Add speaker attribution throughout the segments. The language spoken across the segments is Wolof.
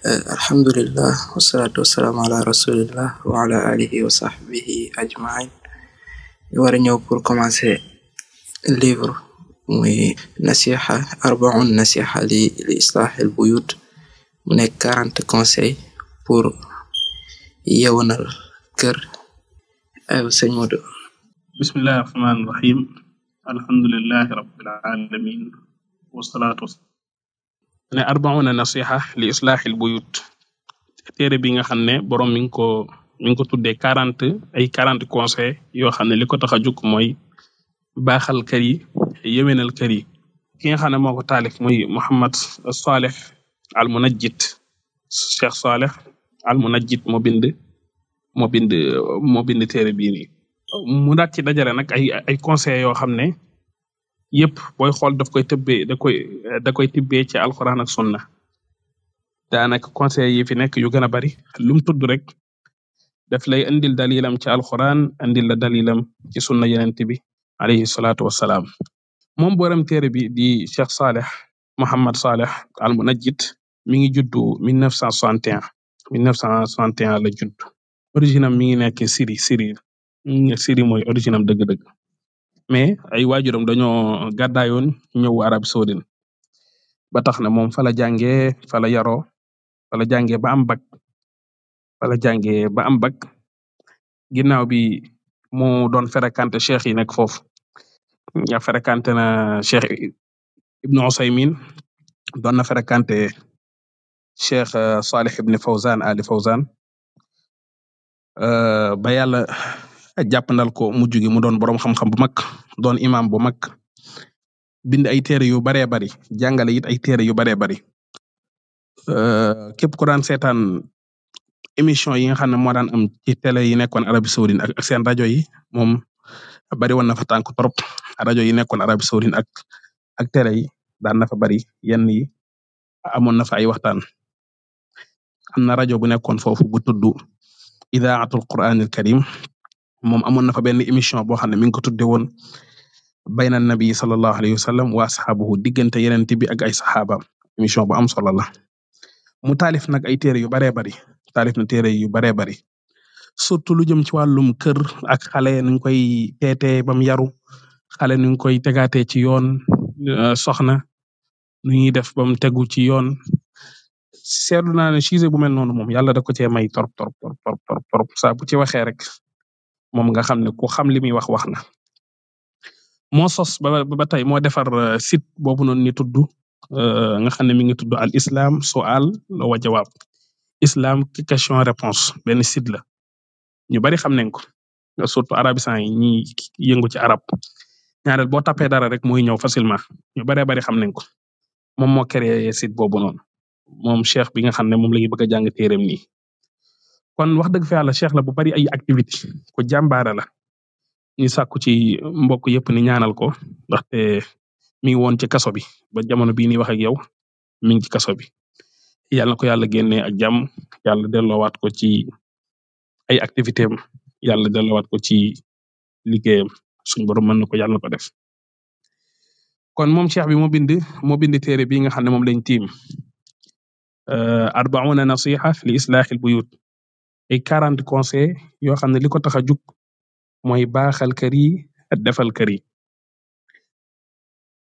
Speaker 1: Alhamdulillah wasalaatu wasalaamu ala rasulillah wa ala alihi wa sahbihi ajmain ñu war a ñëw pour commencer livre muy nasiha arbaun nasiha li li islaax al buyut mu nekk quarante conseils pour yewanal kër ay sëñ Modu bismillahi rahmaani rahim alhamdulillahi rabbil alamin wasalaatu ne arbauna nasiha li islahil buyut téere bi nga xam ne borom mi ngi ko mi ngi ko tuddee quarante ay quarante conseil yoo xam ne li ko tax a jukk mooy baaxal kër yi yewenal kër yi ki nga xam ne moo ko taalif muy Muhammad Saleh al Munajjid Cheikh Saleh al Munajjid moo bind moo bind moo bind téere bii nii ci dajale nag ay ay conseil yoo xam ne yëpp booy xool daf koy tëbbee da koy da koy tibbee ci alxuraan ak sunna daanaka conseil yi fi nekk yu gën a bari lu mu tudd rek daf lay indil dalilam ci alxuraan indil la dalilam ci sunna yenent bi alayhi salaatu wassalaam moom booram téere bi di Cheikh Saleh Mohammad Saleh al Munajjid mi ngi juddu 1961 1961 la judd originam mi ngi nekk Syrie Syrie Syrie mooy originam dëgg mais ay waajuram dañoo gàddaayoon ñëw Arab Saoudine ba tax na moom fa la jàngee fa la yaroo fa la jàngee ba am bac ginnaaw bi mu doon fréquenté cheikh yi nekk foofu ya fréquenté na cheikh Ibn Usaymin doon na fréquenté cheikh uh, Salih Ibn Fawzan Ali Fawzan uh, ba jàppandal ko mujj gi mu doon boroom xam-xam bu mag doon imam bu mag bind ay téere yu baree bari jàngale it ay téere yu baree bari euh, képp ku daan seetaan émission yi nga xam ne moo daan am ci télé yi nekkoon Arabie Saoudite ak seen rajo yi moom bari woon na fa tànk trop rajo yi nekkoon Arabie Saoudite ak ak télé yi daan na fa bari yenn yi amoon na fa ay waxtaan am na rajo bu nekkoon foofu bu tudd idaatul Qur'anil Karim moom amoon na fa benn émission boo xam ne mi ngi ko tudde woon bayna nabi sallallahu alayhi wasallam wa asxaabuhu diggante yenente bi ak ay saxaabaam émission bu am solo la mu taalif nag ay téere yu baree bari taalif na téere yu baree bari surtout lu jëm ci wàllum kër ak xale nuñ koy teetee bam yaru xale nuñ koy tegaatee ci yoon euh, soxna nu ñuy def bam tegu ci yoon seetlu naa ne sujet bu mel noonu moom yàlla da ko cee may torop torop torop torop torop bu ci waxee rek moom nga xam ne ku xam li muy wax wax na. moo sos ba ba tey moo defar euh, site boobu noonu ni tudd euh, nga xam ne mi ngi tudd al islam sual wa jawaab islam question réponse benn site la ñu bari xam nañ ko surtout arabisant yi ñiy yëngu ci arab ñaareel boo tape dara rek muy ñëw facilement ñu baree bari xam nañ ko moom moo créé site boobu noonu moom cheikh bi nga xam ne moom la ñu bëgg a jàng téereem kon wax dëgg fa yàlla Cheikh la bu bari ay activité ko jàmbaare la ñu sàkku ci mbokk yëpp ni ñaanal ko ndaxte mi ngi woon ci kaso bi ba jamono bii ni wax ak yow mi ngi ci kaso bi yàlla na ko yàlla
Speaker 2: génnee ak jàmm yàlla delloowaat ko ci ay activité am yàlla delloowaat ko ci liggéeyam suñu borom mën na ko yàlla na def
Speaker 1: kon moom Cheikh bi moo bind moo bind téere bii nga xam ne moom lañ tiim
Speaker 2: arbauna nasiha li bu buyut ay quarante conseil yoo xam ne li ko tax a jug mooy baaxal kër yi defal kër yi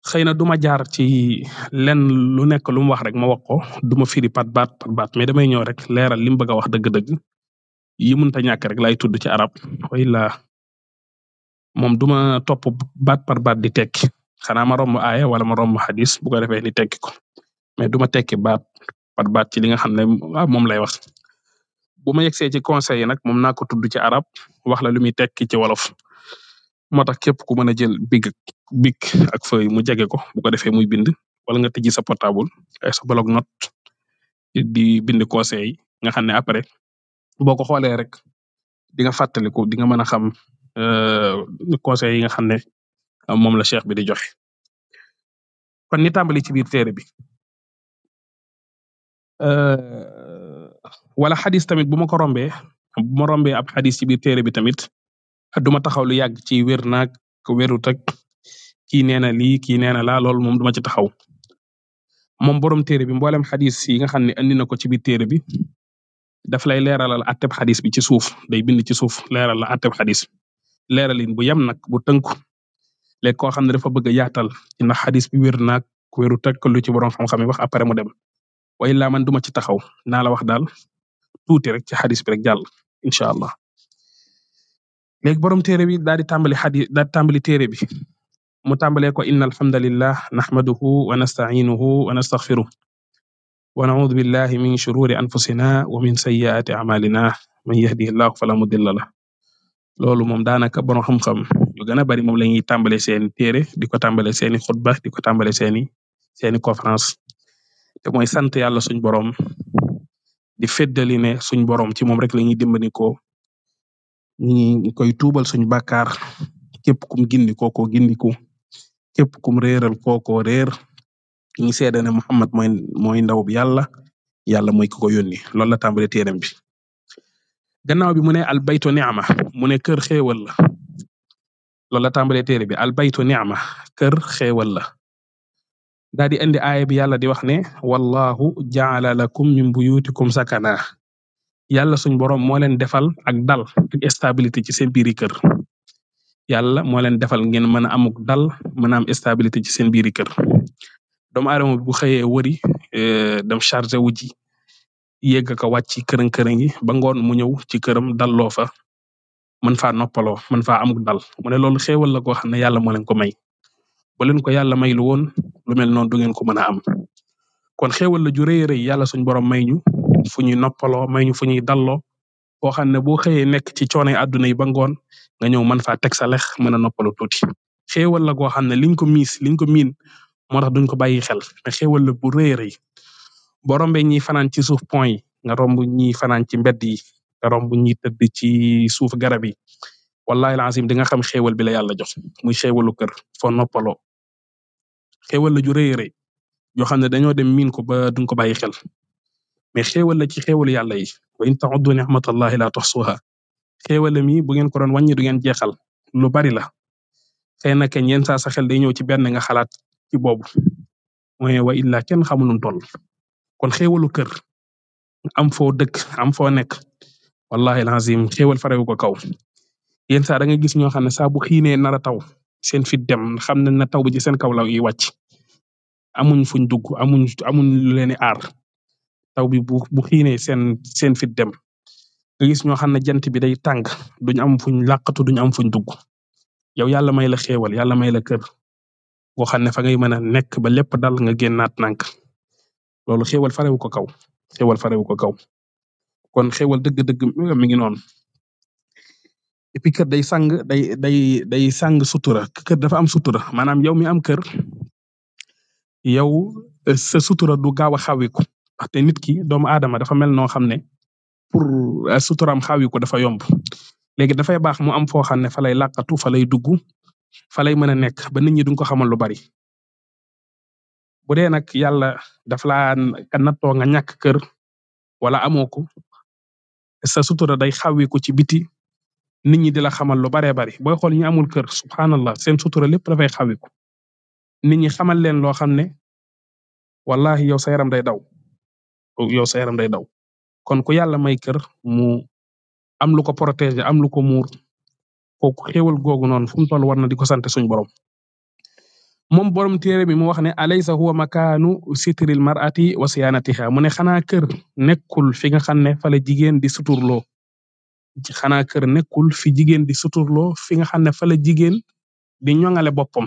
Speaker 1: xëy na duma jaar ci lenn lu nekk lu mu wax rek ma wax ko duma firi pat baat pat baat mais damay ñëw rek leeral li mu bëgg a wax dëgg-dëgg yi munta ñàkk rek lay tudd ci arab way moom duma topp baat par baat di tekki xanaa ma romb aye wala ma romb xadis bu ko defee ni tekki ko mais duma tekki baat par baat ci li nga xam ne moom lay wax bu ma yegsee ci conseil yi nag moom naa ko tudd ci arab wax la lu muy tekki ci wolof moo tax képp ku mën a jël big bic ak feuille mu jege ko bu defee muy bind wala nga tijji sa portable ay sa bloc note di bind conseil nga xam ne après boo ko xoolee rek di nga fàttaliku di nga mën
Speaker 2: a xam euh, conseil yi nga xam ne moom la cheikh bi di joxe kon ni tàmbali ci biir téere bi. Euh,
Speaker 1: wala xadis tamit bu ma ko rombee bu ma rombee ab xadis ci téere bi tamit du ma taxaw lu yàgg ci wér naag wérut ak kii nee na lii kii nee na laa loolu moom duma ci taxaw moom borom téere bi mboolem xadis yi nga xam ne andi na ko ci biir téere bi daf lay leeralal atteb xadis bi ci suuf day bind ci suuf leeral la atteb xadis leeralin bu yam nag bu tënku léegi koo xam ne dafa bëgg a yaatal ndax xadis bi wér naag wéru teg lu ci borom xam-xam yi wax après mu dem way laa duma ci taxaw naa tuuti rek ci xadis bi rek jàll incha allah léegi borom téere bi daal di tàmbali xadi daal di tàmbali téere bi mu tàmbalee ko inna alhamdulillah nahmaduhu wa nasta'inuhu wa nastaghfiruh wa na'udhu billahi min shururi anfusina wa min sayyiati a'malina man yahdihillahu fala mudilla lah loolu moom daanaka borom xam-xam yu a bari moom la ñuy tàmbale seeni téere di ko tàmbale seeni xutba di ko tàmbale seeni seeni conférence te mooy sant borom di feddali ne suñ boroom ci moom rek lañuy dimbandikoo ñi koy tuubal suñ bàkkaar képp kum gindi kooko gindiku képp kum réeral kooko réer ñi seede ne Muhammad mooy mooy ndaw bi yàlla yàlla mooy ki ko yónni loolu la tàmbali téeram bi gannaaw bi mu ne al baytu ni'ma mu ne kër xéewal la loolu la tàmbalee téere bi al baytu ni'ma kër xéewal la daal di indi aaya bi yàlla di wax ne wallahu ja'ala lakum min buyutikum sakana yàlla suñ boroom moo leen defal ak dal ak stabilité ci seen biiri kër yàlla moo leen defal ngeen mën a amuk dal mën a am stabilité ci seen biiri kër doomu aadama bu xëyee wëri eh, dem chargé wu ji yegg ka wàcc ci kërën-kërën yi ba ngoon mu ñëw ci këram dalloo fa mën faa noppaloo mën faa amuk dal mu ne loolu xéewal la koo xam ne yàlla moo leen ko may ba leen ko yàlla may lu woon lu mel noonu du ko mën a am kon xéewal la ju rëy yàlla suñ borom may ñu fu ñuy noppaloo may ñu fu ñuy dalloo boo xam ne boo xëyee nekk ci coonay àdduna yi ba ngoon nga ñëw mën faa teg sa lex mën a noppalu tuuti xéewal la goo xam ne liñ ko miis liñ ko miin moo tax duñ ko bàyyi xel mais bu rëy rëy boo rombee ñiy fanaan ci suuf pont yi nga romb ñiy fanaan ci mbedd yi nga romb ñiy tëdd ci suuf garab yi wallahi alazim di nga xam xéewal bi la yàlla jox muy xéewalu kër foo noppaloo xéewal la ju rëy rëy xam ne dañoo dem miin ko ba duñ ko bàyyi xel mais xéewal la ci xewal yàlla yi wa in ta'uddu ni'matallahi la tuhsuha xéewal mi bu ngeen ko doon wàññi du ngeen jeexal lu bari la xëy na kañ yenn saa sa xel day ñëw ci benn nga xalaat ci boobu wa illaa kenn xamul nu toll kon xéewalu kër am foo dëkk am foo nekk wallahi lazim xéewal farewu ko kaw yenn saa da nga gis ñoo xam ne saa bu xiinee nar a taw seen fit dem xam nañ ne taw bi ci seen kaw la yi wàcc amuñ fuñ dugg amuñ amuñ lu leen di aar taw bi bu bu xiinee seen seen fit dem nga gis ñoo xam ne jant bi day tàng duñ am fuñ làqatu duñ am fuñ dugg yow yàlla may la xéewal yàlla may la kër boo xam ne fa ngay mën a nekk ba lépp dal nga génnaat nànk loolu xéewal farewu ko kaw xéewal farewu ko kaw kon xéewal dëgg-dëgg mi ngi noonu. et day sang day day day sang sutura kër dafa am sutura maanaam yow mi am kër yow euh, sa sutura du gaaw a xawiku ndaxte nit ki doomu aadama dafa mel noo xam ne pour euh, suturaam xawiku dafa yomb léegi dafay baax mu am foo xam ne fa lay làqatu fa lay dugg fa lay mën a nekk ba nit ñi duñ ko xamal lu bari bu dee nag yàlla daf laa nattoo nga ñàkk kër wala amoo ko sa sutura day xawiku ci biti nit ñi di la xamal lu baree bari booy xool ñi amul kër subhanallah seen sutura lépp dafay xawiku nit ñi xamal leen loo xam ne wallahi yow sa yaram day daw yow sa yaram day daw kon ku yàlla may kër mu am lu ko protéger am lu ko muur kooku xéewal googu noonu fu mu toll war na di ko sant suñ borom moom borom téere bi mu wax ne alaysa huwa makaanu sitril mar'ati wa siyanatiha mu ne xanaa kër nekkul fi nga xam ne fa la jigéen di suturloo xanaa kër nekkul fi jigéen di suturloo fi nga xam ne fa la jigéen di ñoŋale boppam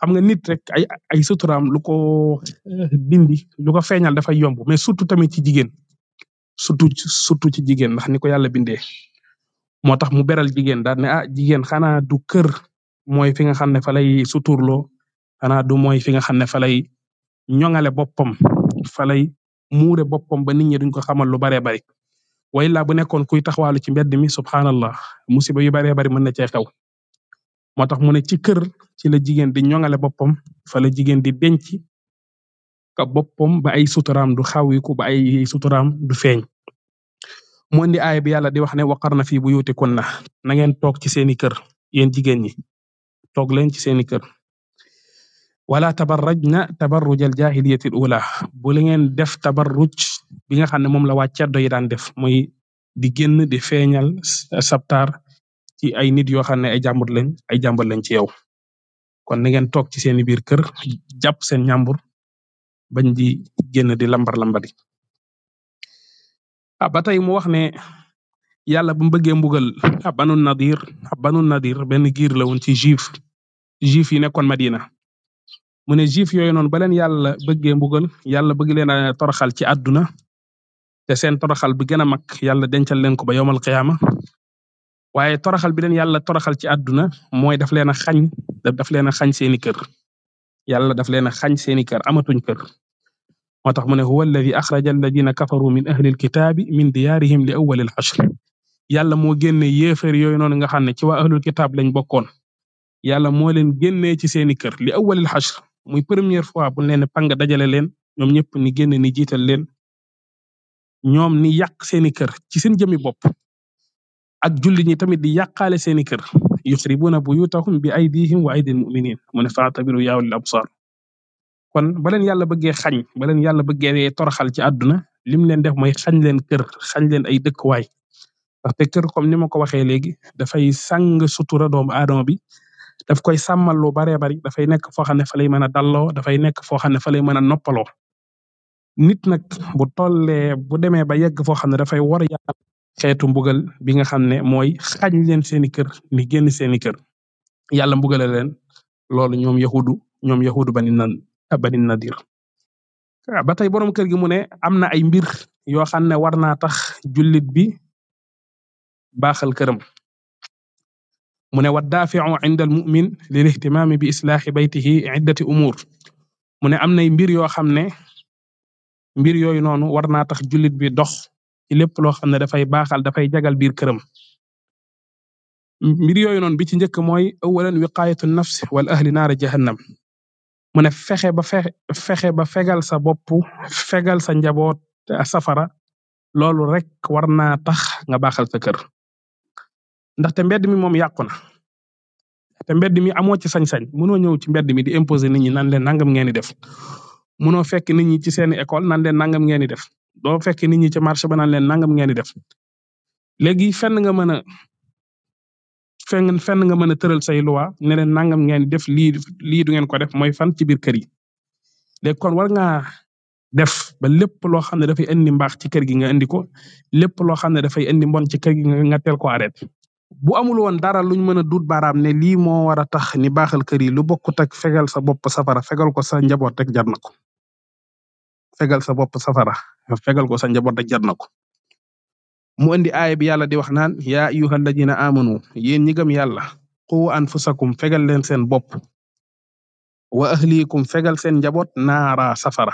Speaker 1: xam nga nit rek ay ay suturaam lu ko eh, dindi lu ko feeñal dafay yomb mais surtout tamit ci jigéen surtout surtout ci jigéen ndax ni ko yàlla bindee moo tax mu beral jigéen daal ne ah jigéen xanaa du kër mooy fi nga xam ne fa lay suturloo xanaa du mooy fi nga xam ne fa lay ñoŋale boppam fa lay muure boppam ba nit ñi duñ ko xamal lu baree bari wayla bu nekkoon kuy taxawaalu ci mbedd mi subhanallah musiba yu baree bari mën na cee xew moo tax mu ne ci kër ci la jigéen di ñoŋale boppam fala la jigéen di denc ka boppam ba ay suturaam du xawiku ba ay suturaam du feeñ mu indi aaya yàlla di wax ne waqarna fi buyutikunna na ngeen toog ci seeni kër yéen jigéen ñi toog leen ci seeni kër wala tabarrajna tabarruj al jahiliyati al ula bu la ngeen def tabarruj bi nga xam ne moom la waa ceddo yi daan def muy di génn di feeñal sabtaar ci ay nit yoo xam ne ay jàmbur lañ ay jàmbur lañ ci yow kon na ngeen toog ci seen biir kër jàpp seen ñàmbur bañ di génn di lambar lambari ah ba tey mu wax ne yàlla bu mu bëggee mbugal ah banu nadir ah banu nadir benn giir la woon ci juif juif yi nekkoon Madina mu ne juif yooyu noonu ba leen yàlla bëggee mbugal yàlla bëgg leen a toroxal ci àdduna te seen toroxal bi gën a mag yàlla dencal leen ko ba yowmal qiyaama waaye toroxal bi leen yàlla toroxal ci àdduna mooy daf leen a xañ daf leen a xañ seeni kër yàlla daf leen a xañ seeni kër amatuñ kër moo tax mu ne huwa alladi axraja alladina kafaru min ahli alkitaabi min diyaarihim li awwali alxashr yàlla moo génne yéefar yooyu noonu nga xam ne ci waa ahlul kitaab lañ bokkoon yàlla moo leen génnee ci seeni kër li awwali alxashr muy première fois bu leen pang dajale leen ñoom ñëpp ni génn ni jiital leen ñoom ni yàq seeni kër ci seen jëmi bopp ak julli ñi tamit di yàqaale seeni kër yu buyutahum bi aydihim wa aydil muminin mu ne faatabiru yaa ulil absar kon ba leen yàlla bëggee xañ ba leen yàlla bëggee toroxal ci àdduna lim leen def mooy xañ leen kër xañ leen ay dëkkuwaay ndaxte kër comme ni ma ko waxee léegi dafay sàng sutura doomu aadama bi daf koy sàmmal lu baree bari dafay nekk foo xam ne fa lay mën a dalloo dafay nekk foo xam ne fa lay mën a noppaloo nit nag bu tollee bu demee ba yegg foo xam ne dafay war a xeetu mbugal bi nga xam ne mooy xañ leen seeni kër ni génn seeni kër yàlla mbugale leen loolu ñoom yahudu ñoom yahudu bani nan bani nadir ba tey borom kër gi mu ne am na ay mbir yoo xam ne war naa tax jullit bi baaxal këram mu ne waddaafiu inda almumin lil ihtimaami bi islaaxi baytihi iddati umuur mu ne am nay mbir yoo xam ne mbir yooyu noonu war naa tax jullit bi dox ci lépp loo xam ne dafay baaxal dafay jagal biir këram mbir yooyu noonu bi ci njëkk mooy awalan wiqaayatu nafs wal ahli naara jahannam mu ne fexe ba fexe ba fegal sa bopp fegal sa njaboot safara loolu rek war naa tax nga baaxal sa kër ndaxte mbedd mi moom yàqu na te mbedd mi amoo ci sañ-sañ mënoo ñëw ci mbedd mi di imposer nit ñi nan leen nangam ngeen di def mënoo fekk nit ñi ci seeni école nan leen nangam ngeen di def doo fekk nit ñi ci marché ba nan leen nangam ngeen def léegi fenn nga mën a fenn fenn nga mën a tëral say loi ne leen nangam ngeen def lii lii du ngeen ko def mooy fan ci biir kër yi léegi kon war ngaa def ba lépp loo xam ne dafay indi mbaax ci kër gi nga indi ko lépp loo xam ne dafay indi mbon ci kër gi nga teel ko arrêté bu amul woon dara luñ mën a duut baaraam ne lii moo war a tax ni baaxal kër yi lu bokkut ak fegal sa bopp safara fegal ko sa njaboot rek jar na ko fegal sa bopp safara fegal ko sa njaboot rek jar na ko mu indi aaya bi yàlla di wax naan yaa ayyuhal ladina amanu yéen ñi gëm yàlla qu anfusakum fegal leen seen bopp wa ahlikum fegal seen njaboot naara safara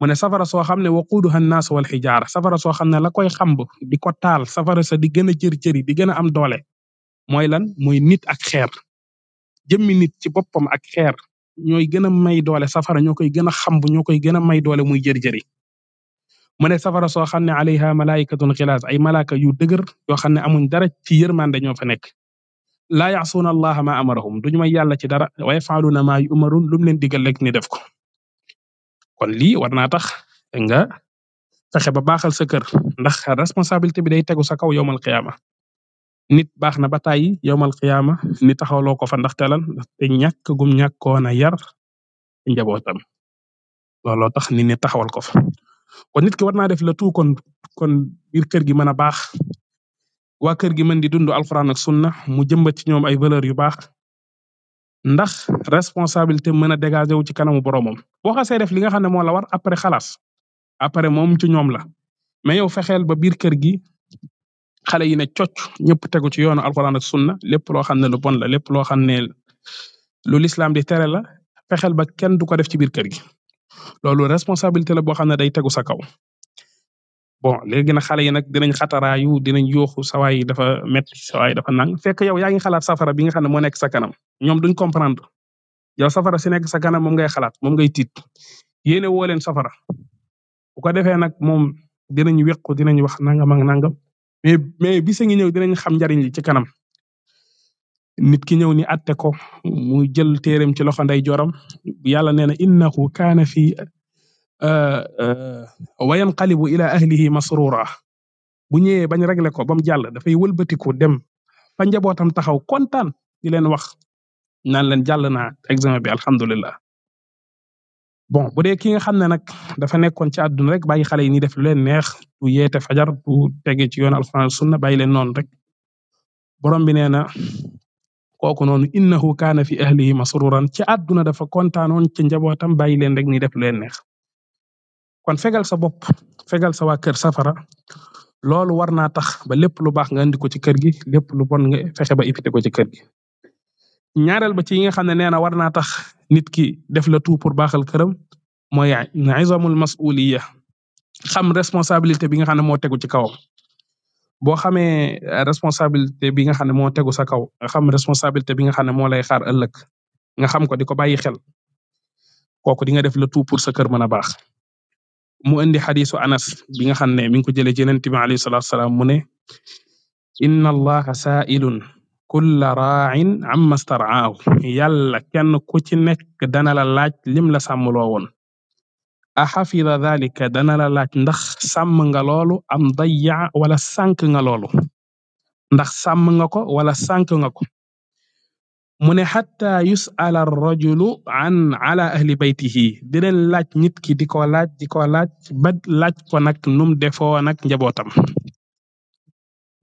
Speaker 1: mu ne safara soo xam ne waquuduha an-naas wal xijaara safara soo xam ne la koy xamb di ko taal safara sa di gën a jër-jëri di gën a am doole mooy lan mooy nit ak xeer jëmmi nit ci boppam ak xeer ñooy gën a may doole safara ñoo koy gën a xamb ñoo koy gën a may doole muy jër-jëri mu ne safara soo xam ne alayha malaayikatun xilaas ay malaaka yu dëgër yoo xam ne amuñ dara ci yërmande ñoo fa nekk laa ya'suuna allaha ma amarahum duñu may yàlla ci dara wa yaf'aluuna ma yu'maruun lu mu leen digal rek ni def ko kon lii war naa tax nga fexe ba baaxal sa kër ndax responsabilité bi day tegu sa kaw yowmal xiyaama nit baax na ba tàyyi yowmal xiyaama ni taxawloo ko fa ndaxte lan ndaxte ñàkk gum ñàkkoon a yar njabootam looloo tax nit ñi taxawal ko fa kon nit ki war def la kon kon biir kër gi mën a baax waa kër gi mën di dund alxuraan ak sunna mu jëmbat ci ñoom ay valeur yu baax ndax responsabilité mën a dégager wu ci kanamu boromam boo xasee def li nga xam ne moo la war après xalaas après moom ci ñoom la mais yow fexeel ba biir kër gi xale yi ne cocc ñëpp tegu ci yoonu alxuraan ak sunna lépp loo xam ne lu bon la lépp loo xam ne lu lislaam di tere la fexeel ba kenn du ko def ci biir kër gi loolu responsabilité la boo xam ne day tegu sa kaw bon léegi nag xale yi nag dinañ xataraayu dinañ yooxu sawaay yi dafa métti sawaay dafa nang fekk yow yaa ngi xalaat safara bi nga xam ne moo nekk sa kanam comprendre yow safara si nekk sa kanam moom ngay xalaat moom ngay tiit yéene woo leen safara bu ko defee nag moom dinañ wequ dinañ wax nangam ak nangam mais mais bis ngi ñëw dinañ xam njariñ li ci kanam nit ki ñëw ni atte ko mu jël téereem ci loxo ndey joram yàlla nee na innahu fi wayan yanqalibu ila ahlihi masrura bu ñëwee bañ réglé ko ba mu jàll dafay walbatiku dem fa njabootam taxaw kontaan di leen wax naan leen jàll naa examen bi alhamdulilah. bon bu dee ki nga xam ne nag dafa nekkoon ci àdduna rek bay xale yi ni def lu leen neex du yeete fajar du tege ci yoon alxuraan sunna bàyyi leen noonu rek borom bi nee na kooku noonu innahu kaana fi ahlihi masruran ci àdduna dafa kontaanoon ci njabootam bàyyi leen rek ni def lu leen neex. kon fegal sa bopp fegal sa kër safara loolu war naa tax ba lépp lu baax nga andi ko ci kër gi lépp lu bon nga fexe ba éviter ko ci kër gi. ñaareel ba ci yi nga xam ne nee na war naa tax nit ki def la tout pour baaxal këram mooy izamul mas'uliyya xam responsabilité bi nga xam ne moo tegu ci kawam. boo xamee responsabilité bi nga xam ne moo tegu sa kaw nga xam responsabilité bi nga xam ne moo lay xaar ëllëg nga xam ko di ko bàyyi xel kooku di nga def la tout pour sa kër mën a baax. mu indi xadisu Anas bi nga xam ne mi ngi ko jëlee ci Yonent bi alayhi mu ne inna allaha sa'ilun kulla raa'in amma star'aahu yàlla kenn ku ci nekk dana la laaj lim la sàmmloo woon a xafida dhalika dana la laaj ndax sàmm nga loolu am dayya wala sànk nga loolu ndax sàmm nga ko wala sànk nga ko mu ne xataa yus'ala rajulu an ala ahli baytihi di leen laaj nit ki di ko laaj di ko laaj ba laaj ko nag num defoo nag njabootam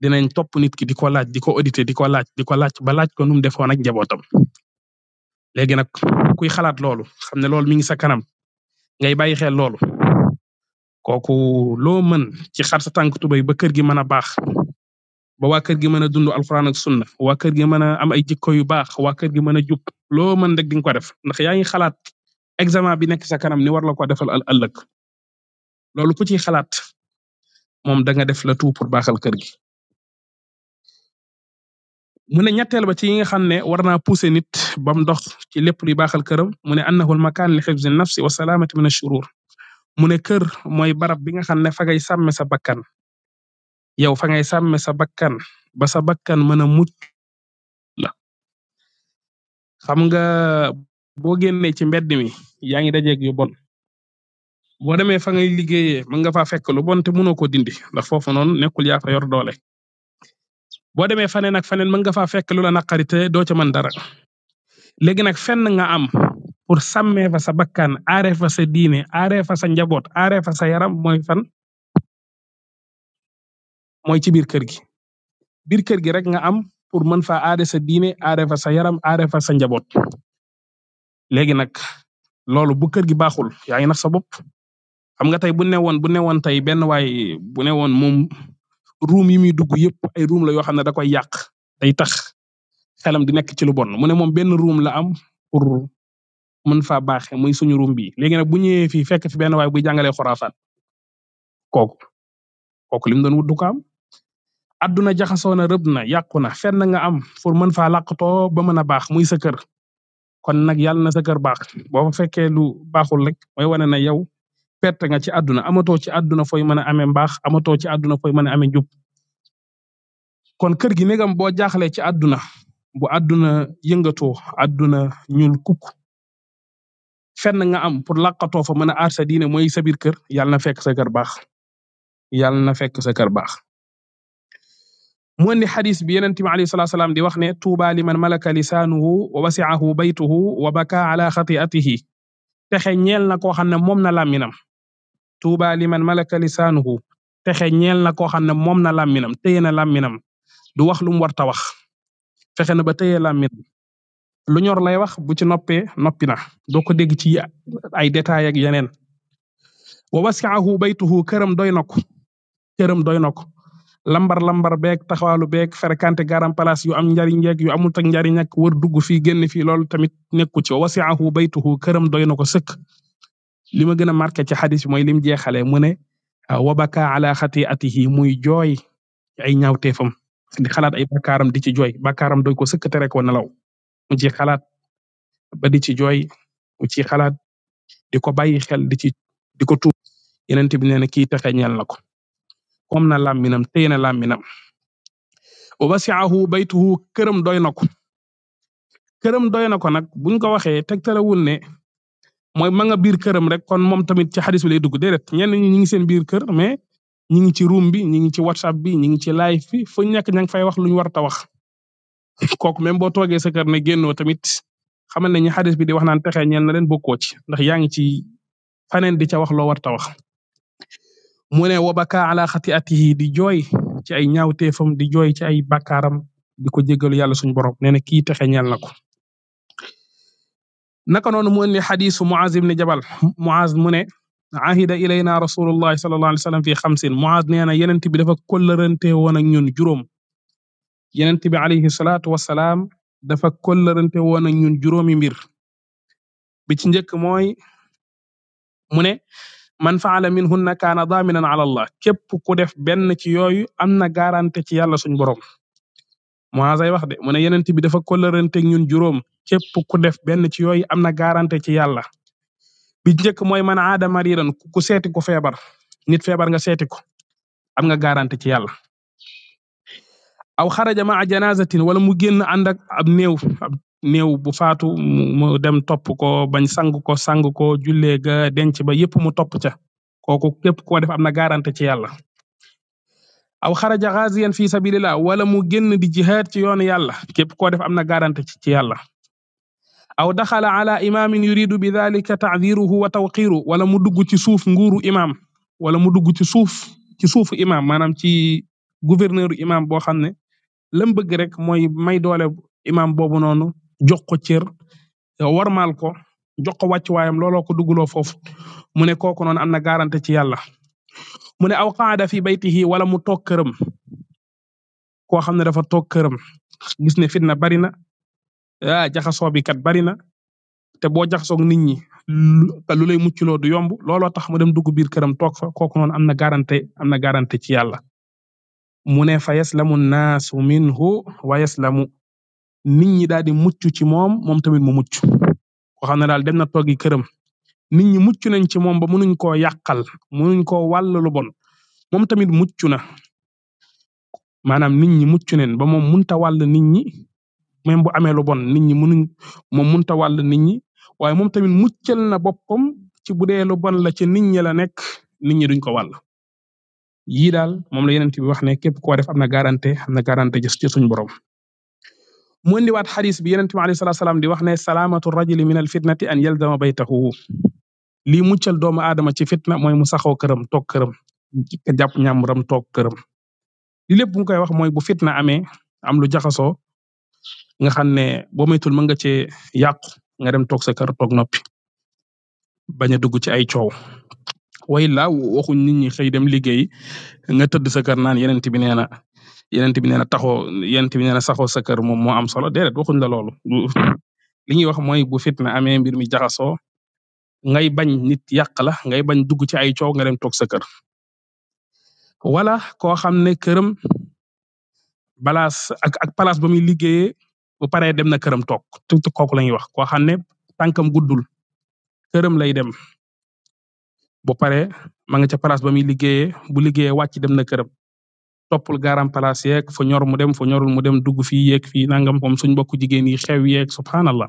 Speaker 1: dinañ topp nit ki di ko laaj di ko auditer di ko laaj di ko laaj ba laaj ko num defoo nag njabootam léegi nag kuy xalaat loolu xam ne loolu mi ngi sa kanam ngay bàyyi xel loolu kooku loo mën ci xar sa tànk tubay ba kër gi mën a baax ba waa kër gi mën a dund alxuraan ak sunna waa kër gi mën a am ay jikko yu baax waa kër gi mën a jub loo mën rek di ko def ndax yaa ngi
Speaker 2: xalaat examen bi nekk sa kanam ni war la ko defal al ëllëg loolu ku ciy xalaat moom da nga def la tout pour baaxal kër gi.
Speaker 1: mu ne ñetteel ba ci yi nga xam ne war naa pousser nit ba mu dox ci lépp luy baaxal këram mu ne annahu al-makaan li hifzi an-nafsi wa salaamati min ash-shurur mu ne kër mooy barab bi nga xam ne fa ngay sàmme sa bakkan yow fa ngay sàmme sa bakkan ba sa bakkan mën a mucc
Speaker 2: la xam nga boo génnee ci mbedd mi yaa ngi dajeeg yu bon boo demee fa ngay liggéeyee mën nga faa fekk lu
Speaker 1: bon te mënoo ko dindi ndax foofu noonu nekkul yaa fa yor doole boo demee faneen ak faneen mën nga faa fekk lu te doo ca mën dara léegi nag fenn nga am pour sàmmee fa sa bakkan sa diine aaree sa njaboot aaree fa sa yaram mooy fan mooy ci biir kër gi biir kër gi rek nga am pour mën faa aare sa diine aare fa sa yaram aare fa sa njaboot léegi nag loolu bu kër gi baaxul yaa ngi nax sa bopp xam nga tey bu ne woon bu ne woon tey benn waay bu ne woon moom ruum yi muy dugg yëpp ay ruum la yoo xam ne da yàq day tax xelam di nekk ci lu bon mu ne moom benn ruum la am pour mën faa baaxee muy suñu ruum bi léegi nag bu ñëwee fii fekk fi benn waay bu jàngalee xuraafaat kooku kooku lim doon wut du adduna jaxasoo na rëb na yàqu na fenn nga am pour mën faa làqatoo ba mën a baax muy sa kër kon nag yàlla na sa kër baax boo fa fekkee lu baaxul rek mooy wane na yow perte nga ci adduna amatoo ci adduna fooy mën a amee mbaax amatoo ci adduna fooy mën a amee njub kon kër gi négam boo jaaxlee ci adduna bu adduna yëngatoo adduna ñuul kukk fenn nga am pour làqatoo fa mën a arsa sa diine mooy sa biir kër yàlla na fekk sa kër baax yàlla na fekk sa kër baax. mu andi xadis bi yonent bi alayhi salaatu salaam di wax ne tuuba liman malaka lisaanuhu wa wasi'ahu baytuhu wa baka ala xati'atihi texe ñeel na koo xam ne moom na làmminam tuuba liman malaka lisaanuhu texe ñeel na koo xam ne moom na làmminam téye na làmminam du wax lu mu wax fexe na ba téye làmminam lu ñor lay wax bu ci noppee noppi na doo ko dégg ci ay détails yeneen wa wasi'ahu baytuhu këram doy na ko këram doy na ko lambar-lambar beeg taxawaalu beeg fréquenté garam place yu am njariñ yeeg yu amul tak njariñ ak wër dugg fii génn fii loolu tamit nekku ci wasi'ahu baytuhu këram doy na ko sëkk li ma gën a marqué ci xadis bi mooy lim jeexalee mu ne wa baka ala xati'atihi muy jooy ay ñaawteefam di xalaat ay bakkaaram di ci jooy bakkaaram doy ko sëkk tere ko nelaw mu ci xalaat ba di ci jooy mu ci xalaat di ko bàyyi xel di ci di ko tuub yeneen bi nee na kii taxe ñeel ko om na làmminam téye na làmminam wa wasi'ahu baytuhu këram doy na ko këram doy na ko nag buñ ko waxee tegtalewul ne mooy ma nga biir këram rek kon moom tamit ci xadis bi lay dugg déedéet ñenn ñi ngi seen biir kër mais ñi ngi ci room bi ñi ngi ci whatsapp bi ñi ngi ci live bi fu ñu nekk fay wax lu ñu war ta wax kooku même boo toogee sa kër ne génnoo tamit xamal ne ñi xadis bi di wax naan texee ñeel na leen bokkoo ci ndax yaa ngi ci faneen di ca wax loo war ta wax mu ne wa baka ala di jooy ci ay ñaawteefam di jooy ci ay bakkaaram di ko jéggalu yàlla suñu borom nee na kii texe ñeel na ko. naka mu indi xadiisu Muaz ibn Jabal Muaz mu ne ahida ilayna rasulullahi sallallahu alayhi wa sallam fi xamsin Muaz nee na yenent bi dafa kóllërante woon ñun juróom yenent bi alayhi salaatu dafa kóllërante woon ñun juróomi mbir bi ci njëkk mooy mu man faala minhunna kaana daaminan ala allah képp ku def benn ci yooyu am na garantie ci yàlla suñ borom moisay wax de mu ne yenent bi dafa kóllëranteeg ñun juróom képp ku def benn ci yooyu am na garantie ci yàlla bi njëkk mooy man aada mariran ku seeti ku feebar nit feebar nga seeti ko am nga garantie ci yàlla aw xaraja maa janazatin wala mu génn ànd ak néew néew bu faatu mu dem topp ko bañ sang ko sang ko jullee ga denc ba yépp mu topp ca kooku képp koo def am na garante ci yàlla aw xaraja xaasiyan fi sabilillah wala mu génn di jihaad ci yoonu yàlla képp koo def am na garante ci ci yàlla aw daxala ala imaamin yuridu bi dalika taadiruhu wa tawqiru wala mu dugg ci suuf nguuru imaam wala mu dugg ci suuf ci suufu imaam maanaam ci gouverneur imam boo xam ne lam bëgg rek mooy may doole imaam boobu noonu jox ko cër warmaal ko jox ko wàccuwaayam looloo ko dugguloo foofu mu ne kooku noonu am na garantie ci yàlla. mu ne aw qaada fi baytihi wala mu toog këram koo xam ne dafa toog këram gis ne fitna bari na ah jaxasoo bi kat bari na te boo jaxasoog nit ñi lu lay muccloo du yomb looloo tax mu dem dugg biir këram toog fa kooku noonu am na garantie am na garantie ci yàlla. fa yaslamu naasu minhu wa yaslamu nit ñi daal di mucc ci moom moom tamit mu mucc koo xam daal dem na toogi këram nit ñi mucc nañ ci moom ba mënuñ koo yàqal mënuñ koo wàll lu bon moom tamit mucc na maanaam nit ñi mucc neen ba moom munta wàll nit ñi même bu amee lu bon nit ñi mënuñ moom munta wàll nit ñi waaye moom tamit muccal na boppam ci bu dee lu la ci nit ñi la nekk nit ñi duñ ko wàll yii daal moom la yeneen bi wax ne képp koo def am na garantie am na garantie ci suñ borom mu indiwaat xadis bi yonent bi alayhi salaatu salaam di wax ne salaamatu rajuli min al fitnati an yaldama baytahu lii muccal doomu aadama ci fitna mooy mu saxoo këram toog këram jàpp ñàmburam toog këram li lépp mu koy wax mooy bu fitna amee am lu jaxasoo nga xam ne boo moytul mën nga cee yàqu nga dem toog sa kër toog noppi bañ a dugg ci ay coow. way la waxuñ nit ñi xëy dem liggéey nga tëdd sa kër naan yonent bi nee na yenent bi nee na taxoo yenent bi nee na saxoo sa kër moom moo am solo déedéet waxuñ la loolu ñuy wax mooy bu fitna amee mbir mi jaxasoo ngay bañ nit yàq la ngay bañ dugg ci ay coow nga dem toog sa kër wala koo xam ne këram balaas ak ak palaas ba muy liggéeyee bu paree dem na këram toog te kooku la wax koo xam ne tànkam guddul këram lay dem bu paree ma nga ca palaas ba muy liggéeyee bu liggéeyee wàcc dem na këram toppul garam place yeeg fa ñor mu dem fa ñorul mu dem dugg fii yeeg fii nangam moom suñ mbokku jigéen yi xew yeeg subhanallah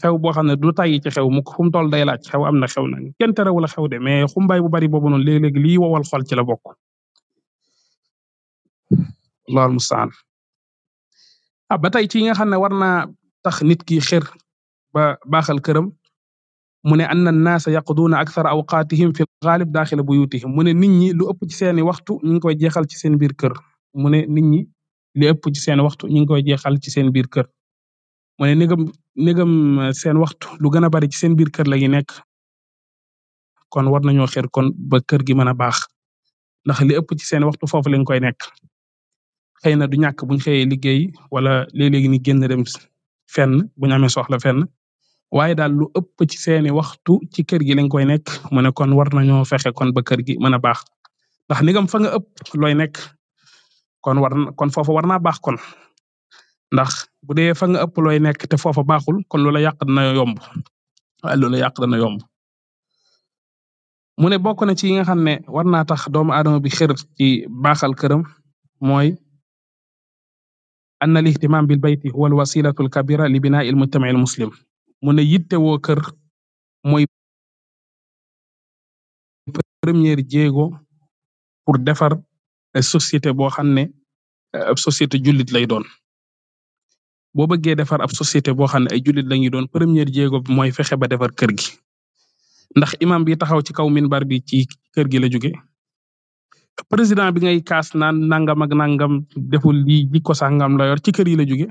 Speaker 1: xew boo xam ne du tàyyi ci xew mu fu mu day laaj xew am na xew nag kenn terewul a xew de mais xumbaay bu bari boobu noonu léeg li lii wal xol
Speaker 2: ci la bokk lool mustaan ah ba tey ci nga xam ne war naa tax nit ki xër ba baaxal këram
Speaker 1: mu ne anna naasa yaquduuna akthara awqaatihim fi gaalib daaxila buyutihim mu ne nit ñi lu ëpp ci seeni waxtu ñu ngi koy jeexal ci seen biir kër mu ne nit ñi li ëpp ci seen waxtu ñu ngi koy jeexal ci seen biir kër mu ne négam négam euh, seen waxtu lu gën a bari ci seen biir kër la ñu nekk kon war nañoo xër kon ba kër gi mën a baax ndax li ëpp ci seen waxtu foofu lañ koy nekk xëy na du ñàkk buñ xëyee liggéey wala léeg-léegi ni génn dem fenn buñ amee soxla fenn waaye daal lu ëpp ci seeni waxtu ci kër gi lañ koy nekk mu ne kon war nañoo fexe kon ba kër gi mën a baax ndax nigam fa nga ëpp looy nekk kon war na kon foofa war naa baax kon ndax bu dee fa nga ëpp looy nekk te foofa baaxul kon loola yàq dana yomb waaye
Speaker 2: loola yàq dana yomb. mu ne bokk na ci yi nga xam ne war naa tax doomu aadama bi xër ci baaxal këram mooy anna al
Speaker 1: ihtimam bil bayti huwa al wasilatu al kabira li binaa'i al mujtama' al muslim mu ne yittewoo kër
Speaker 2: mooy première jéego pour defar société boo xam ne ab euh, société jullit lay doon
Speaker 1: boo bëggee defar ab société boo xam ne julit jullit lañuy doon première jéego bi mooy fexe ba defar kër gi ndax imam bi taxaw ci kaw minbar bi ci kër gi la jóge président bi ngay kaas naan nangam ak nangam deful di jikko sangam la yor ci kër yi la jóge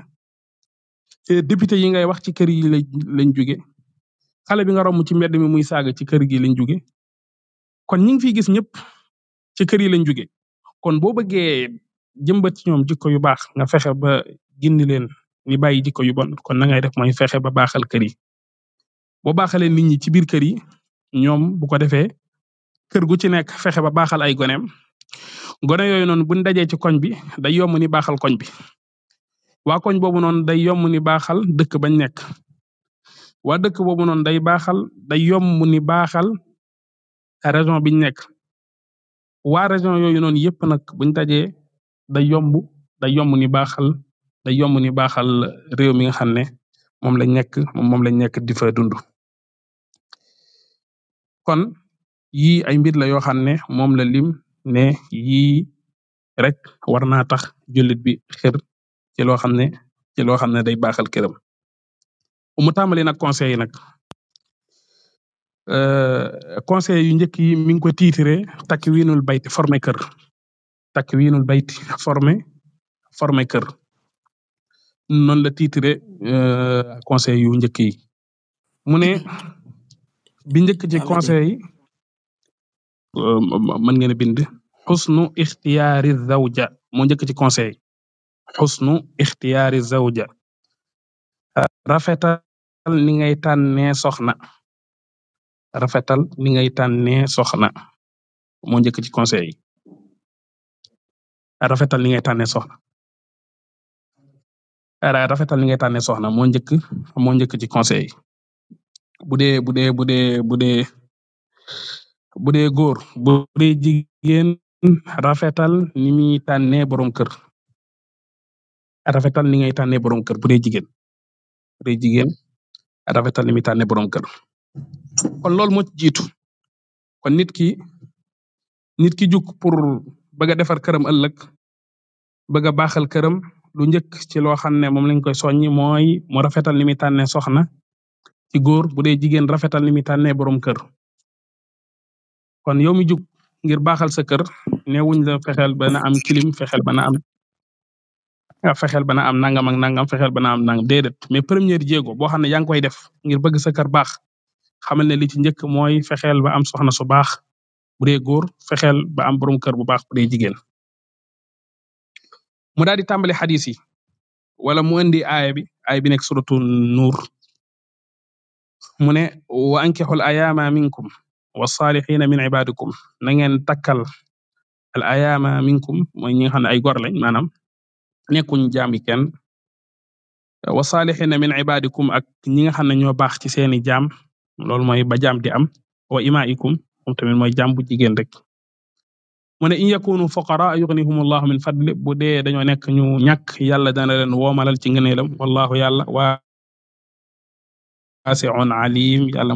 Speaker 1: Eh, député yi ngay wax ci kër yi lañ lañ jóge xale bi nga romb ci mbedd mi muy saaga ci kër gi lañ jóge kon ñi ngi fiy gis ñëpp ci kër yi lañ juge kon boo bëggee jëmbat ñoom jikko yu baax nga fexe ba gindi leen ni bàyyi jikko yu bon kon na ngay def mooy fexe ba baaxal kër yi boo baaxalee nit ñi ci biir kër yi ñoom bu ko defee kër gu ci nekk fexe ba baaxal ay goneem gone yooyu noonu buñ dajee ci koñ bi day yomb ni baaxal koñ bi waa koñ boobu noonu day yomb ni baaxal dëkk bañ nekk waa dëkk boobu noonu day baaxal day yomb ni baaxal région biñ nekk waa région yooyu noonu yépp nag buñ dajee day yomb day yomb ni baaxal day yomb ni baaxal réew mi nga xam ne moom lañ nekk moom lañ nekk di fa dund. kon yii ay mbir la yoo xam ne moom la lim ne yii rek war naa tax jullit bi xir ci loo xam ne ci loo xam ne day baaxal këram mu tàmbali nag conseil yi nag euh, conseil yu njëkk yi mi ngi ko tiitre takwiinul bayti former kër takwiinul bayti former former kër noonu la tiitre euh, conseil yu njëkk yi mu ne bi njëkk ci conseil yi euh, mën ngeen a bind xusnu ixtiyaari zawja moo njëkk ci conseil xusnu ixtiyaari
Speaker 2: zawja rafetal ni ngay tànnee soxna rafetal ni ngay tànnee soxna moo njëkk ci conseil yi rafetal ni ngay tànnee soxna rafetal ni ngay tànnee soxna moo njëkk moo njëkk ci conseil yi bu dee
Speaker 1: bu dee bu dee bu góor bu dee rafetal ni muy tànnee borom kër. rafetal ni
Speaker 2: ngay tànnee borom kër bu dee jigéen bu dee jigéen rafetal ni muy tànnee borom kër kon loolu moo ci jiitu kon nit ki nit ki jug
Speaker 1: pour bëgg a defar këram ëllëg bëgg a baaxal këram lu njëkk ci loo xam ne moom lañ koy soññi mooy mu rafetal ni muy tànnee soxna ci góor bu dee jigéen rafetal ni muy tànnee borom kër kon yow mi jug ngir baaxal sa kër ne wuñ la fexeel am kilim fexeel ba am Ah, fexeel bana am nangam ak nangam fexeel ba na am nangam déedéet mais première jéego bo xam ne yaa koy def ngir bëgg sa kër baax xamal ne li ci njëkk mooy fexeel ba am soxna su baax bu dee góor fexeel ba am borom
Speaker 2: kër bu baax bu jigéen. mu daal di tàmbali xadis wala mu indi aaya bi aaya bi nekk nuur mu ne
Speaker 1: wa ankixul ayaama minkum wa saalixiina min ibaadikum na ngeen takkal al ayaama minkum mooy ñi nga xam ne ay gor lañ maanaam nekkuñ jaami kenn wa saalixina min ibadikum ak ñi nga xam ne ñoo baax ci seeni jaam loolu mooy ba jaam di am wa imaikum moom tamit mooy jaam bu jigéen rek mu ne in yakunu fuqara yughnihum allah min fadli bu dee dañoo nekk ñu ñak yàlla dana leen woomalal
Speaker 2: ci ngëneelam wallahu yàlla waasi'un alim yàlla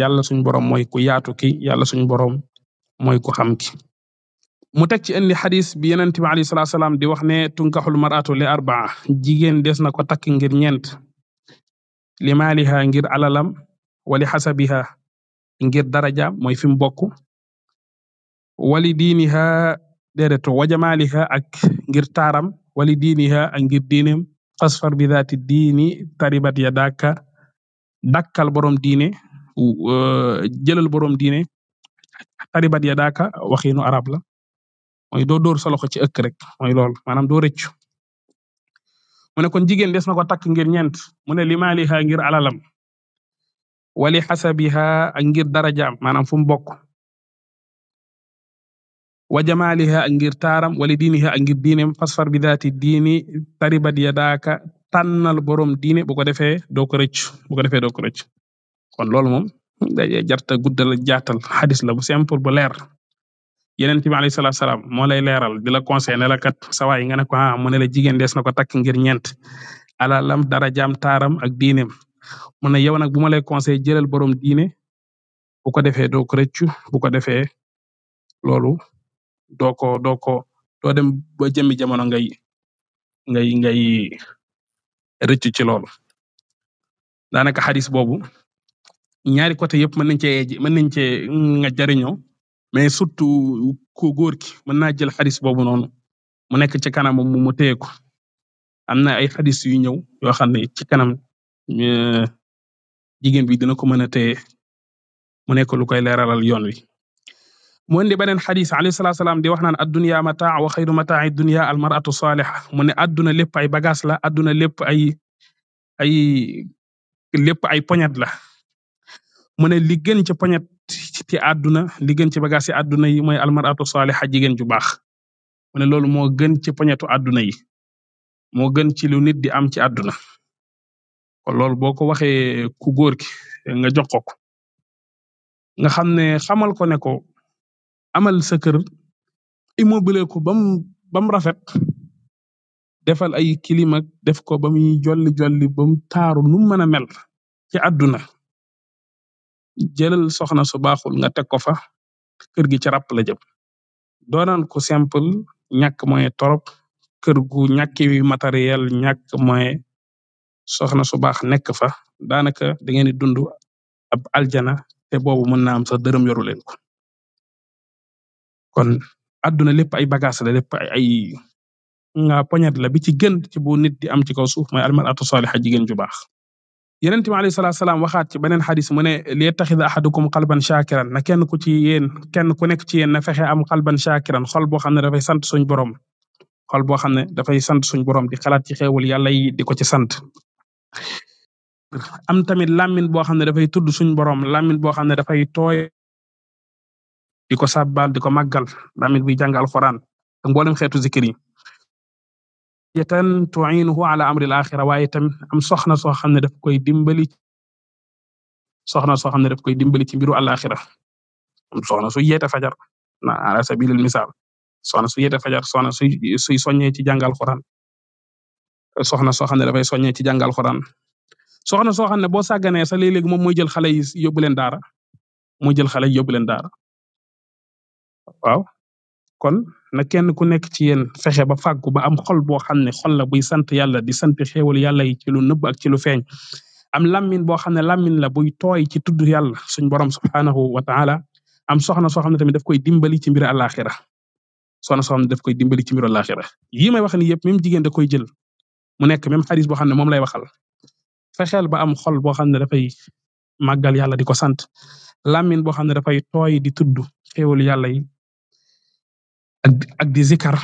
Speaker 2: yàlla suñu borom mooy ku yaatu ki yàlla suñu borom
Speaker 1: ku xam mu teg ci indi xadis bi yonent bi alayhi salaatu salaam di wax ne tunkaxul mar'atu li arbaa jigéen des na ko takk ngir ñeent li maaliha ngir alalam wali xasabiha ngir darajaam mooy fi mu bokk wali diiniha déedéet wajamaaliha ak ngir taaram wali diiniha ak ngir diineem fasfar bi daati diini taribat ya dàkka dàkkal borom diine
Speaker 2: euh,
Speaker 1: jëlal borom diine taribat ya dàkka waxiinu arab la mooy doo dóor solo loxo ci ëkk rek mooy loolu maanaam doo rëccu mu ne kon jigéen des na ko takk ngir ñeent mu ne limaaliha ngir alalam wali xasabiha ak ngir darajaam maanaam fu mu bokk wa jamaaliha ngir taaram wali diiniha ak ngir diineem fasfar bi daati diini taribat yadaaka tànnal borom diine bu ko defee doo ko rëcc bu ko defee doo ko rëcc kon loolu moom jarta guddal jaatal xadis la bu simple bu leer yenent bi alayhi salaatu salaam moo lay leeral di la conseil ne la kat sawaay nga ne a ah mu ne la jigéen des na ko takk ngir ñeent alalam darajaam taaram ak diineem mu ne yow nag bu ma lay conseil jëlal borom diine bu ko defee doo ko rëccu bu ko defee loolu doo ko doo ko doo dem ba jëmmi jamono ngay ngay ngay rëccu ci loolu daanaka xadis boobu ñaari côté yëpp mën nañ cee mën nañ cee mm, nga jariñoo mais :fra surtout :fra ku góor ki mën naa jël xadis boobu noonu mu nekk ci kanamam mu téye ko am na ay xadis yuy ñëw yoo xam ne ci kanam %e jigéen bi dina ko mën a téye mu nekk lu koy leeralal yoon wi. mu indi beneen xadis alayhi salaatu wa salaam di wax naan addunya mataa wa xayru mataa'i dunya al mar'atu saaliha mu ne adduna lépp ay bagages la adduna lépp ay ay lépp ay poñet la. mu ne li gën ci poñet ci àdduna li gën ci bagaas yi àdduna yi mooy almaratu saalixa jigéen ju baax mu ne loolu moo gën ci poñetu àdduna yi moo gën ci nit di am ci adduna kon loolu boo ko waxee ku góor
Speaker 2: ki nga jox ko ko nga xam ne xamal ko ne ko amal sa kër immeuble ko bam bam rafet
Speaker 1: defal ay kilim def ko ba muy jolli jolli ba mu taaru nu mën a mel ci àdduna jëlal soxna su baaxul nga teg ko fa kër gi ci ràpp la jëm doonaan ku simple ñàkk mooy torop kër gu ñàkki wi matériel ñàkk mooy soxna su baax nekk fa daanaka da ngeen di
Speaker 2: dund ab aljana te boobu mën na am sax dërëm yoru leen ko kon àdduna lépp ay bagaas la lépp ay ay nga poñet la bi ci
Speaker 1: gën ci bu nit di am ci kaw suuf mooy almaratu saalixa jigéen ju baax yonent bi alayhi salaatu salaam waxaat ci beneen xadis mu ne li yattaxida ahadukum qalban shaakiran na kenn ku ci yéen kenn ku nekk ci yéen na fexe am qalban shaakiran xol boo xam ne dafay sant suñ borom xol boo xam ne dafay sant suñ borom di xalaat ci xeewul yàlla di ko ci sant. am tamit làmmin boo xam ne dafay tudd suñ borom làmmin boo xam ne dafay tooy di ko sàbbaal di ko màggal làmmin buy jàng alxuraan ak mboolem xeetu zikir yi tan a ala amri al-axira waaye am soxna soo xam ne daf koy dimbali soxna soo xam ne daf koy dimbali ci mbiru al-axira soxna su yeete fajar na ala sabilil soxna su yeete fajar soxna su suy soññee ci jàngal soxna soo xam ne dafay soññee ci jàngal Alxuraan soxna soo xam ne boo sàgganee sa léeg-léeg moom mooy jël xale yóbbu leen daara mooy jël xale yi yóbbu daara waaw kon na kenn ku nekk ci yéen fexe ba fàggu ba am xol boo xam ne xol la buy sant yàlla di sant xéewal yàlla ci lu nëbb ak ci lu feeñ am lammin boo xam ne lammin la buy tooy ci tudd yàlla suñ borom subhaanahu wa taala am soxna soo xam ne tamit daf koy dimbali ci mbir alaxira soxna soo ne daf koy dimbali ci mbir alaxira yi may wax ni yëpp même jigéen da koy jël mu nekk même xadis boo xam ne moom lay waxal fexeel ba am xol boo xam ne dafay màggal yàlla di ko sant lammin boo xam ne dafay tooy di tudd xéewal yàlla yi ak ak di zikar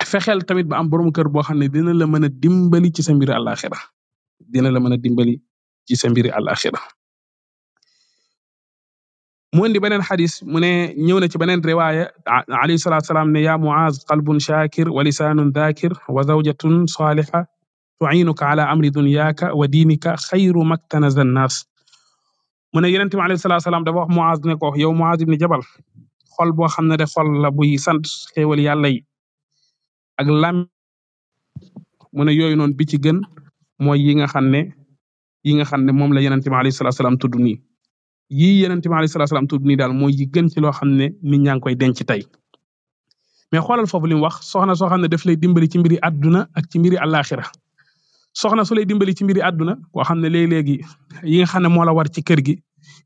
Speaker 1: fexeel tamit ba am borom kër boo xam ne dina la mën a dimbali ci sa mbir alaxira dina la mën a dimbali ci sa mbir alaxira mu indi beneen xadis mu ne ñëw na ci beneen riwaaya alayhi salaatu salaam ne yaa Muaz qalbun shaakir wa lisaanun dhaakir wa zawjatun saaliha tu'iinuka ala amri dunyaaka wa diinika xayru maktanaza nnaas mu ne yonent bi alayhi salaam dafa wax Muaz ne ko yow Muaz ibn Jabal xol boo xam ne de xol la buy sant xéewal yàlla yi ak lam mu ne yooyu noonu bi ci gën mooy yi nga xam ne yi nga xam ne moom la yonent bi alayhi salaatu salaam tudd nii yii yonent bi alayhi salaatu salaam tudd nii daal mooy yi gën ci loo xam ne nit ñaa ngi koy denc tey mais xoolal foofu li wax soxna soo xam ne daf lay dimbali ci mbiri àdduna ak ci mbiri soxna su lay dimbali ci mbiri àdduna koo xam ne léeg-léegi yi nga xam ne moo la war ci kër gi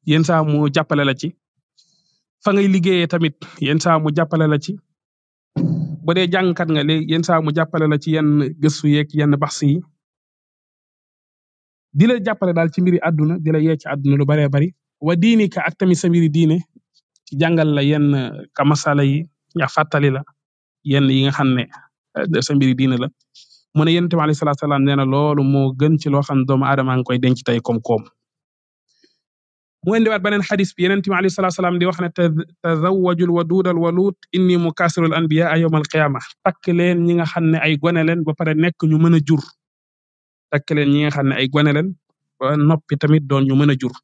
Speaker 1: yenn saa mu jàppale la ci fa ngay liggéeyee tamit yenn saa mu jàppale la ci bu dee jàngkat nga léegi yenn saa mu jàppale la ci yenn gëstu yeeg yenn baxs yi di la jàppale daal ci mbiri àdduna di la yee ci àdduna lu baree bari wa diini ka ak tamit sa mbiri diine ci jàngal la yenn ka masala yi ya fàttali la yenn yi nga xam ne eh, sa mbiri diine la mu ne yonent bi alayhi salaatu salaam nee na loolu moo gën ci loo xam ne doomu aadama a ngi koy denc tey koom-koom mu indiwaat beneen xadis bi yeneen tamit alayhi salaatu salaam di wax ne tazawwajul waduudal waluut inni mukaasirul anbiyaa yawmal qiyaama takk leen ñi nga xam ne ay gone leen ba pare nekk ñu mën a jur takk leen ñi nga xam ne ay gone leen ba noppi tamit doon ñu mën a jur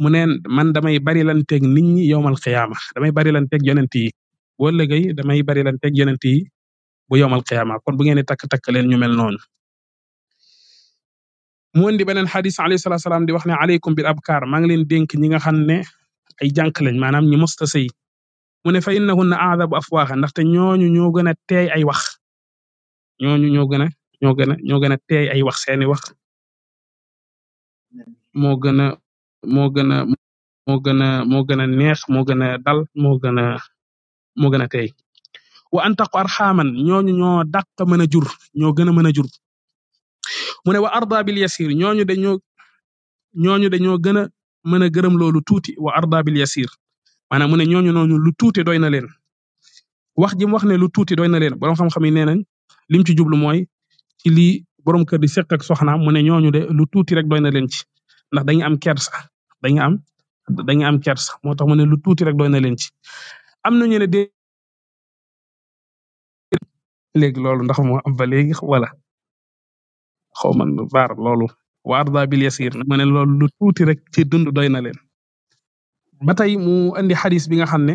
Speaker 1: mu neen man damay bari lanteeg nit ñi yawmal qiyaama damay bari lanteeg yonent yi boo lëgëy damay bari lanteeg yonent yi bu yawmal qiyaama kon bu ngeen di takk takk leen ñu mel noonu mu indi beneen xadis alayhi salaatu salaam di wax ne aleykum bil abkar maa ngi leen dénk ñi nga xam ne ay jànq lañ maanaam ñu mosta sëy mu ne fa innahunna aadabu afwaaxa ndaxte ñooñu ñoo gën a teey ay wax
Speaker 2: ñooñu ñoo gën a ñoo gën a ñoo gën a teey ay wax seeni wax moo gën a moo gën a moo gën a moo gën a neex moo gën a dal moo gën a
Speaker 1: moo gën a tey wa antaqu arxaaman ñooñu ñoo dàq mën a jur ñoo gën a mën a jur mu ne wa arda bil yasir ñooñu dañoo ñooñu dañoo gën a mën a gërëm loolu tuuti wa arda bil yasir maanaam mu ne ñooñu noonu lu tuuti doy na leen wax ji wax ne lu tuuti doy na leen borom xam-xam yi nee nañ lim ci jublu mooy ci lii borom kër di seq ak soxnaam mu ne ñooñu de lu tuuti rek doy na leen ci ndax dañu
Speaker 2: am kersa dañu am dañu am kersa moo tax mu ne lu tuuti rek doy na leen ci am nañu ne de léegi loolu ndax wala xaw ma vaar loolu wa arda bil yasir nag ma ne loolu lu
Speaker 1: tuuti rek ci dund doy na leen ba tey mu andi xadis bi nga xam ne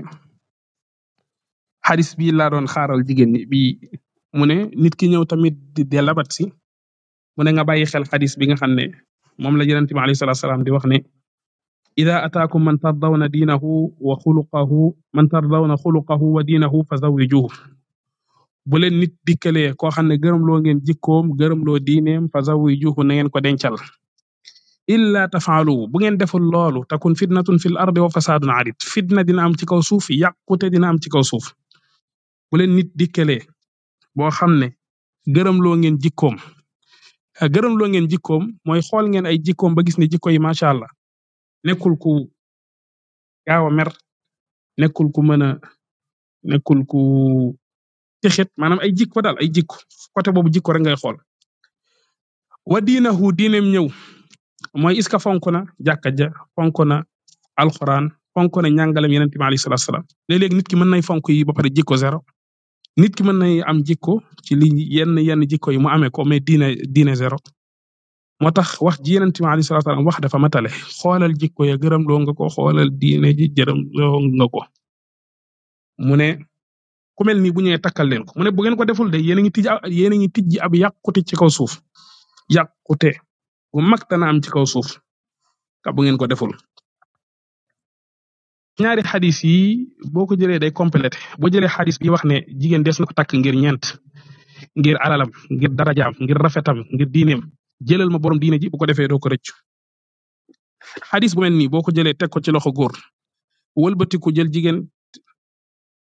Speaker 1: xadis bi laa doon xaaral jigéen ñi bi mu ne nit ki ñëw tamit di labat si mu ne nga bàyyi xel xadis bi nga xam ne moom la yonent bi alayhi salaatu salaam di wax ne ida ataakum man tardawna diinahu wa xuluqahu man na xuluqahu wa diinahu fa zawijuhu bu leen nit dikkalee koo xam ne gërëmloo ngeen jikkoom gërëmloo diineem fasawu juuxu na ngeen ko dencal illa tafaalu bu ngeen deful loolu takun fitnatun fil ardi wa fasaadun arid fitna dina am ci kaw suuf yàqute dina am ci kaw suuf bu leen nit dikkalee boo xam ne gërëmloo ngeen jikkoom ah, gërëmloo ngeen jikkoom mooy xool ngeen ay jikkoom ba gis ne jikko yi macha
Speaker 2: nekkul ku gaaw a mer ku mën a nekkul ku te xet maanaam ay jikko dal ay jikko côté boobu jikko
Speaker 1: rek ngay xool wa diinahu diineem ñëw mooy iska fonk na jàkka ja fonk na alxuraan fonk na ñàngalem yeneen bi alayhi salaatu salaam nit ki mën nay fonk yi ba pare jikko zéro nit ki mën nay am jikko ci li yenn yenn jikko yi mu amee ko mais diine diine zéro moo tax wax ji yeneen bi alayhi wax dafa matale xoolal jikko ya gërëm loo nga ko xoolal diine ji jërëm nga ko ku mel ni bu ñëwee takkal leen ko mu bu ngeen ko deful de yéen a ngi tijji yéen a ngi tijji ab ci kaw suuf yàqute bu mag dana am ci kaw suuf ka bu ngeen ko deful. ñaari xadis yi boo ko jëlee day complété boo jëlee xadis bi wax ne jigéen des na ko takk ngir ñeent ngir alalam ngir darajaam ngir rafetam ngir diineem jëlal ma borom diine ji bu ko defee doo ko rëccu. xadis bu mel nii boo ko jëlee teg ko ci loxo góor jël jigéen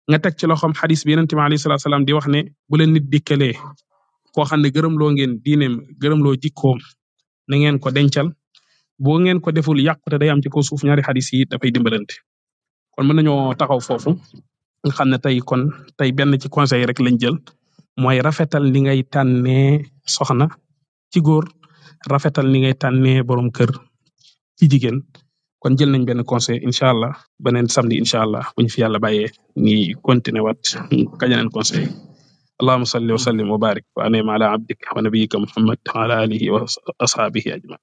Speaker 1: nga teg ci loxoom xadis bi yonente bi alayhi salaatu salaam di wax ne bu leen nit dikkalee koo xam ne gërëmloo ngeen diineem gërëmloo jikkoom na ngeen ko dencal boo ngeen ko deful yàqute day am ci kaw suuf ñaari xadis yi dafay dimbalante kon mën nañoo taxaw foofu nga xam ne tey kon tey benn ci conseil rek lañ jël mooy rafetal ni ngay tànnee soxna ci góor rafetal ni ngay tànnee borom kër ci jigéen kon jël nañ benn conseil incha allah beneen samedi incha allah buñ fi yàlla bàyyee ni continuer wat kañaneen conseil allahuma salli wa sallim wa barik wa anim ala abdika ka nabiyika muhammad wa ala alihi wa ashabihi